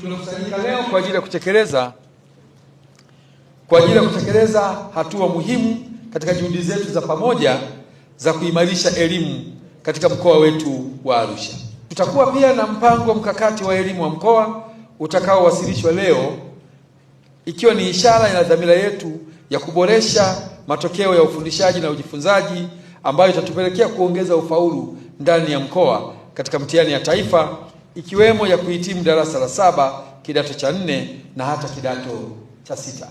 tunakusanyika leo kwa ajili ya kutekeleza kwa ajili ya kutekeleza hatua muhimu katika juhudi zetu za pamoja za kuimarisha elimu katika mkoa wetu wa Arusha. Tutakuwa pia na mpango mkakati wa elimu wa mkoa utakaowasilishwa leo, ikiwa ni ishara ya dhamira yetu ya kuboresha matokeo ya ufundishaji na ujifunzaji ambayo itatupelekea kuongeza ufaulu ndani ya mkoa katika mtihani ya taifa ikiwemo ya kuhitimu darasa la saba kidato cha nne na hata kidato cha sita.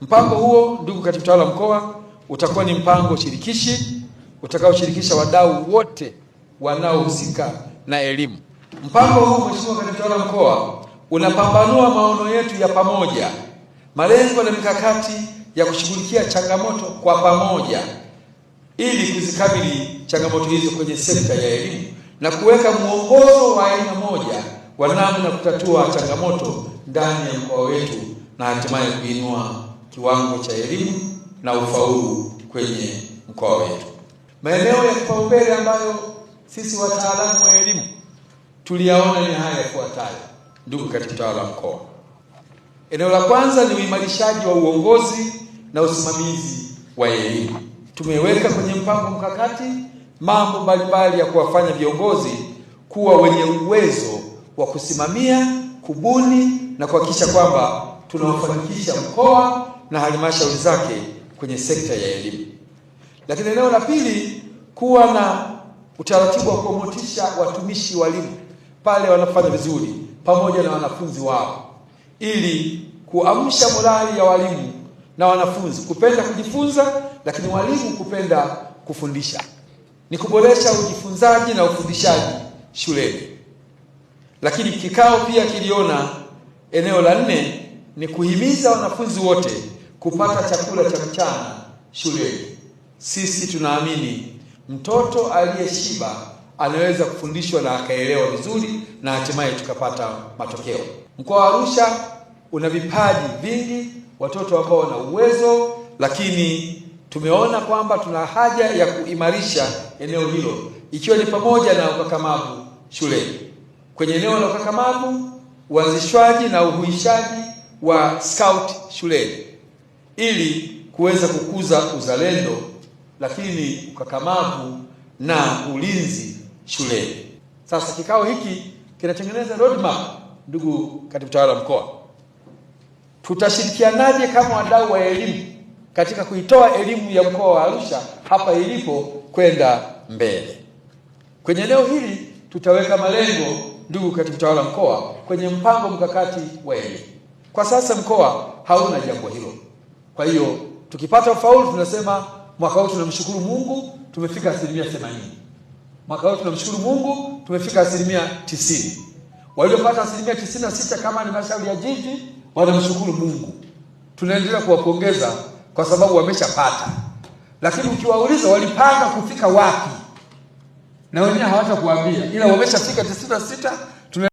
Mpango huo, ndugu katibu tawala mkoa, utakuwa ni mpango shirikishi utakaoshirikisha wadau wote wanaohusika na elimu. Mpango huu, Mheshimiwa Katibu Tawala Mkoa, unapambanua maono yetu ya pamoja, malengo na mikakati ya kushughulikia changamoto kwa pamoja, ili kuzikabili changamoto hizo kwenye sekta ya elimu na kuweka mwongozo wa aina moja wa namna kutatua changamoto ndani ya mkoa wetu na hatimaye kuinua kiwango cha elimu na ufaulu kwenye mkoa wetu. Maeneo ya kipaumbele ambayo sisi wataalamu wa elimu tuliyaona ni haya yafuatayo, ndugu katibu tawala mkoa. Eneo la kwanza ni uimarishaji wa uongozi na usimamizi wa elimu. Tumeweka kwenye mpango mkakati mambo mbalimbali ya kuwafanya viongozi kuwa wenye uwezo wa kusimamia, kubuni na kuhakikisha kwamba tunawafanikisha mkoa na halmashauri zake kwenye sekta ya elimu. Lakini eneo la pili, kuwa na utaratibu wa kuwamotisha watumishi walimu pale wanafanya vizuri pamoja na wanafunzi wao ili kuamsha morali ya walimu na wanafunzi kupenda kujifunza, lakini walimu kupenda kufundisha ni kuboresha ujifunzaji na ufundishaji shuleni. Lakini kikao pia kiliona eneo la nne ni kuhimiza wanafunzi wote kupata chakula cha mchana shuleni. Sisi tunaamini mtoto aliyeshiba anaweza kufundishwa na akaelewa vizuri na hatimaye tukapata matokeo. Mkoa wa Arusha una vipaji vingi, watoto ambao wana uwezo lakini tumeona kwamba tuna haja ya kuimarisha eneo hilo, ikiwa ni pamoja na ukakamavu shuleni. Kwenye eneo la ukakamavu, uanzishwaji na uhuishaji wa scout shuleni ili kuweza kukuza uzalendo, lakini ukakamavu na ulinzi shuleni. Sasa kikao hiki kinatengeneza roadmap, ndugu katibu tawala mkoa, tutashirikianaje kama wadau wa elimu katika kuitoa elimu ya mkoa wa Arusha hapa ilipo kwenda mbele. Kwenye eneo hili tutaweka malengo, ndugu katibu tawala mkoa, kwenye mpango mkakati wa elimu. Kwa sasa mkoa hauna jambo hilo. Kwa hiyo tukipata ufaulu tunasema mwaka huu tunamshukuru Mungu tumefika asilimia themanini. Mwaka huu tunamshukuru Mungu tumefika asilimia tisini. Waliopata asilimia tisini na sita kama halmashauri ya jiji wanamshukuru Mungu, tunaendelea kuwapongeza kwa sababu wameshapata, lakini ukiwauliza walipanga kufika wapi, na wengine hawatakuambia, ila wameshafika tisini na sita.